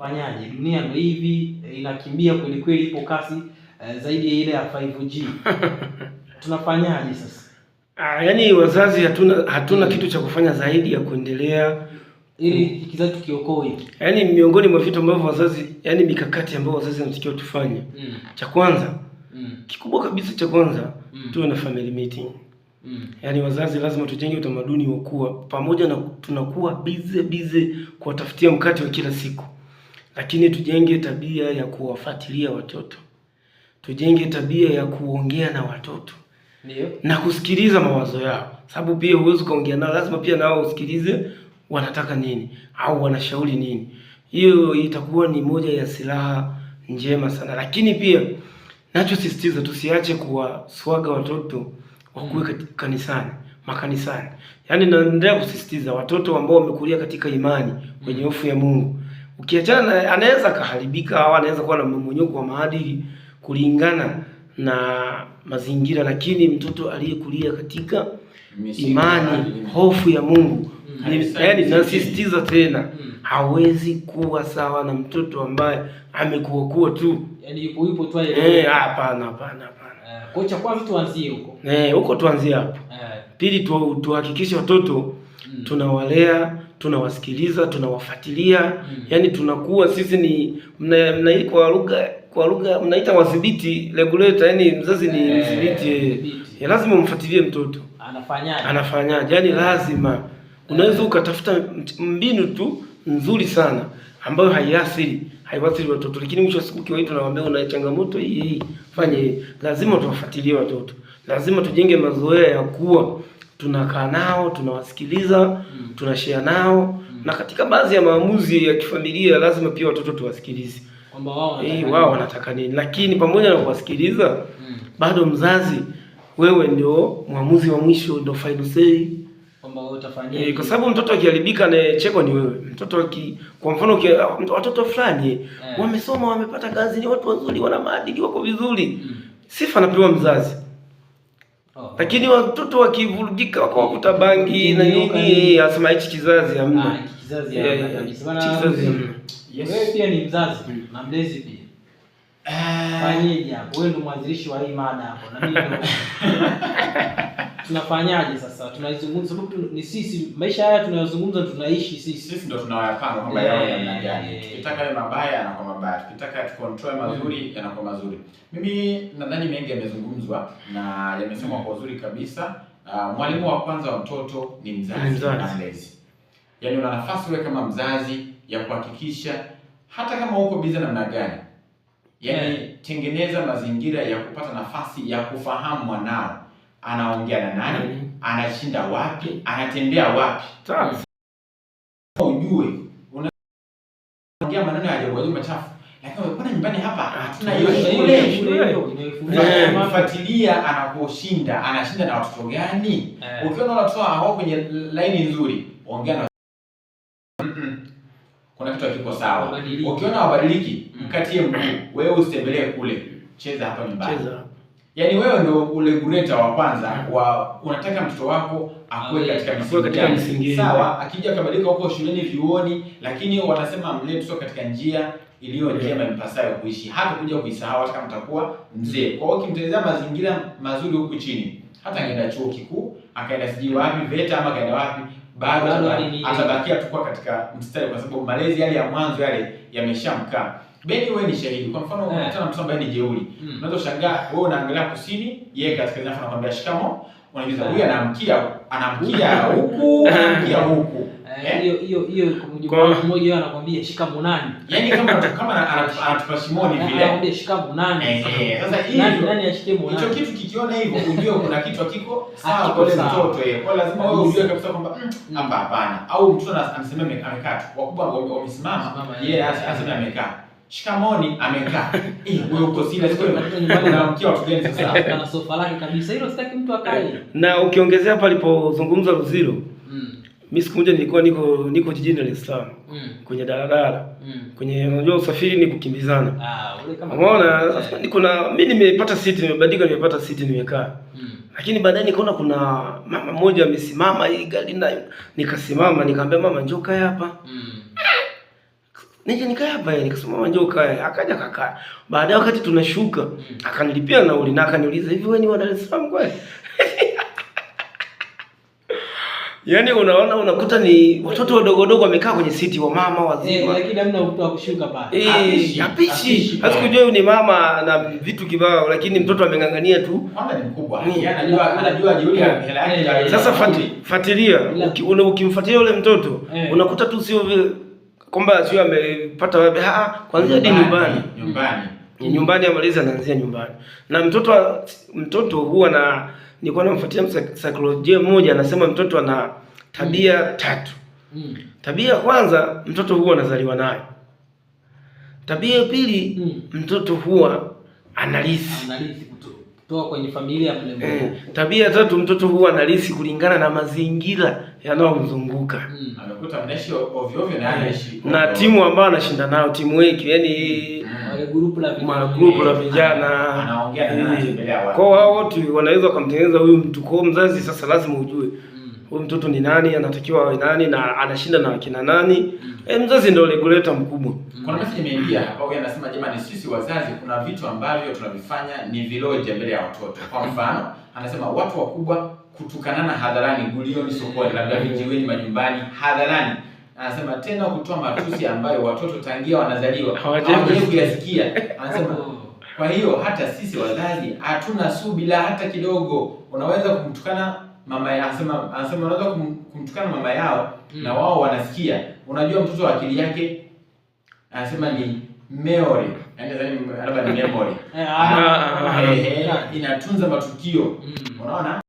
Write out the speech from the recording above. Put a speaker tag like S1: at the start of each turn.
S1: fanyaje, dunia ndo hivi eh, inakimbia kweli kweli, ipo kasi uh, zaidi ya ile ya 5G tunafanyaje sasa?
S2: Ah, yani wazazi hatuna hatuna kitu cha kufanya zaidi ya kuendelea
S1: ili kizazi kiokoe.
S2: Yani miongoni mwa vitu ambavyo wazazi, yani mikakati ambayo wazazi wanatakiwa tufanye, mm. cha kwanza mm. kikubwa kabisa cha kwanza mm. tuwe na family meeting Mm. Yaani wazazi lazima tujenge utamaduni wa kuwa pamoja na tunakuwa bize bize kuwatafutia mkate wa kila siku. mm lakini tujenge tabia ya kuwafuatilia watoto, tujenge tabia ya kuongea na watoto Ndiyo. na kusikiliza mawazo yao, sababu pia huwezi kuongea nao, lazima pia nao usikilize wanataka nini au wanashauri nini. Hiyo itakuwa ni moja ya silaha njema sana, lakini pia nachosisitiza tusiache kuwaswaga watoto wakuwe hmm. kanisani makanisani, yaani naendelea kusisitiza watoto ambao wamekulia katika imani kwenye hmm. hofu ya Mungu ukiachana, anaweza kaharibika au anaweza kuwa na mmomonyoko wa maadili kulingana na mazingira, lakini mtoto aliyekulia katika imani hofu ya Mungu, yaani nasisitiza tena, mm. hawezi kuwa sawa na mtoto ambaye amekuwa kuwa tu,
S1: yaani yupo yupo tu.
S2: Eh, hapana, hapana, hapana.
S1: Eh, kocha, kwa tuanzie huko
S2: eh, huko tuanzie hapo. Eh. Pili, tuhakikishe watoto Mm. tunawalea, tunawasikiliza, tunawafuatilia mm. yani tunakuwa sisi ni mna, mna kwa lugha kwa lugha mnaita wadhibiti regulator, yani mzazi ni eh, mdhibiti eh, eh, lazima umfuatilie mtoto anafanyaje, anafanyaje yani eh. lazima unaweza ukatafuta mbinu tu nzuri sana ambayo haiathiri haiathiri watoto, lakini mwisho wa siku kiwa tunawaambia una changamoto hii hii, fanye lazima tuwafuatilie watoto, lazima tujenge mazoea ya kuwa tunakaa nao, tunawasikiliza mm. tunashare nao mm. na katika baadhi ya maamuzi ya kifamilia lazima pia watoto tuwasikilize kwamba wao e, wao wanataka nini, lakini pamoja na kuwasikiliza mm. bado mzazi wewe ndio mwamuzi wa mwisho, ndio final say
S1: kwamba wewe utafanya
S2: e, kwa sababu mtoto akiharibika na cheko ni wewe. Mtoto aki kwa mfano ki, ah, watoto fulani yeah. wamesoma, wamepata kazi, ni watu wazuri, wana maadili, wako vizuri mm. sifa napewa mzazi Oh, oh. lakini watoto wakivurugika kwa wakawakuta bangi na nini, asema hichi kizazi hamna.
S1: Ah, kizazi eh, hamna. Wewe pia ni mzazi na mlezi pia Eh. Fanyeje hapo? Wewe ndio mwanzilishi wa hii mada hapo na mimi tunafanyaje sasa? Tunaizungumza sababu ni sisi, maisha haya tunayozungumza tunaishi sisi. Sisi
S3: ndio tunayapanga kwamba yao namna gani. Eh. Tukitaka yale mabaya yanakuwa mabaya, tukitaka control hmm. mazuri yanakuwa mazuri. Mimi nadhani mengi yamezungumzwa na yamesemwa hmm. kwa uzuri kabisa. Uh, mwalimu wa kwanza wa mtoto ni mzazi na mlezi. Yaani una nafasi wewe kama mzazi ya kuhakikisha hata kama uko biza namna gani Yaani, tengeneza mazingira ya kupata nafasi ya kufahamu mwanao anaongea na nani, mm-hmm. anashinda wapi, anatembea wapi, ujue unaongea maneno ya ajabu ajabu machafu, lakini unakuta nyumbani hapa hatuna hiyo shule. Fuatilia anaposhinda, anashinda na watoto gani? Eh. Ukiona watoto hawako kwenye laini nzuri, ongea na kuna kitu hakiko sawa. Ukiona wabadiliki, mm. mkatie mguu. Wewe usitembelee kule, cheza hapa nyumbani. Cheza. Yaani wewe ndio ule gureta wa kwanza mm. wa unataka mtoto wako akue katika misingi. Sawa, akija akabadilika huko shuleni, vyuoni, lakini wanasema mlee mtoto katika njia iliyo njema impasayo kuishi, hata kuja kuisahau hata mtakuwa mzee. Mm. Kwa hiyo ukimtengenezea mazingira mazuri huku chini, hata angeenda chuo kikuu, akaenda sijui wapi VETA ama akaenda wapi bado atabakia kwa katika mstari, kwa sababu malezi yale ya mwanzo yale yameshamkaa. Beni, wewe ni shahidi. Kwa mfano, eh. unakutana na mtu ambaye ni jeuri, hmm. unaweza kushangaa wewe unaangalia kusini, yeye kaskazini, afu anakuambia shikamo unajua huyu anamkia anamkia huku anamkia huku
S1: eh, eh? hiyo hiyo hiyo mmoja anakuambia shika munani,
S3: yaani kama kama anatupa simoni eh,
S1: vile anakuambia shika munani.
S3: sasa hiyo nani ashike munani? Hicho kitu kikiona hivyo, ujue kuna kitu hakiko sawa kwa ile mtoto yeye, kwa lazima wewe ujue kabisa kwamba hapa mm, hapana, au mtoto anasema amekaa, wakubwa wamesimama, yeye asema amekaa Shikamoni amekaa. Eh, wewe uko serious kweli?
S1: Nyumbani naamkia watu gani sasa? Ana sofa lake kabisa. Hilo sitaki mtu akae.
S2: Na ukiongezea hapa alipozungumza Luziro, mm. Mimi siku moja nilikuwa niko niko jijini Dar es Salaam. Mm. Kwenye daladala. Mm. Kwenye unajua usafiri ni kukimbizana.
S1: Ah, ule kama
S2: unaona eh. sasa niko na mimi nimepata siti nimebadilika nimepata siti nimekaa. Mm. Lakini baadaye nikaona kuna mama mmoja amesimama hii gari nayo nikasimama nikamwambia mama njoo kaa hapa. Mm. Nije nikae hapa yeye eh, nikasema njoo kae. Akaja kakaa. Baadaye wakati tunashuka, akanilipia nauli na akaniuliza hivi wewe ni wa Dar es Salaam kweli? Yaani unaona unakuta ni watoto wadogo wadogo wamekaa kwenye siti wa mama wazima.
S1: Eh, lakini hamna mtu wa kushuka pale.
S2: Eh, hapishi. Hasikujua ni mama na vitu kibao lakini mtoto ameng'ang'ania tu.
S1: Mama ni mkubwa. Anajua anajua jeuri ya eh. hela
S2: yake. Sasa fuatilia, ukimfuatilia yule mtoto eh. unakuta tu sio vile kwamba sio amepata wapi. Ah, ah, kwanza hadi nyumbani nyumbani nyumbani amaliza anaanzia nyumbani. Na mtoto mtoto huwa na nilikuwa namfuatia saikolojia mmoja anasema mtoto ana tabia mm. tatu mm. Tabia ya kwanza mtoto huwa anazaliwa nayo. Tabia ya pili mm. mtoto huwa analisi,
S1: analisi kutoka kwenye familia ya mlembo. Eh,
S2: tabia tatu mtoto huwa analisi kulingana na mazingira yanayomzunguka. Mm.
S3: Amekuta ovyo ovyo na anaishi.
S2: Na timu ambayo anashinda nayo timu weki, yani hmm.
S1: wale grupu la
S2: vijana, grupu la eh, vijana
S3: anaongea na eh. anatembelea
S2: wao. Kwa hiyo wote wanaweza kumtengeneza huyu mtu. Kwa mzazi sasa lazima ujue huyu mtoto ni nani, anatakiwa awe nani na anashinda na akina nani. E, mzazi ndio regulator mkubwa.
S3: Kuna message imeingia hapa, huyu anasema jamani, sisi wazazi kuna vitu ambavyo tunavifanya ni viloja mbele ya watoto. Kwa mfano, anasema watu wakubwa kutukanana hadharani, gulioni, sokoni, labda vijiweni, majumbani, hadharani anasema tena kutoa matusi ambayo watoto tangia wanazaliwa hawajui kuyasikia. Anasema kwa hiyo hata sisi wazazi hatuna subira hata kidogo, unaweza kumtukana mama anasema anasema unaweza kumtukana mama yao mm. na wao wanasikia. Unajua mtoto wa akili yake anasema ni memory, yani labda ni memory ah. inatunza matukio mm. unaona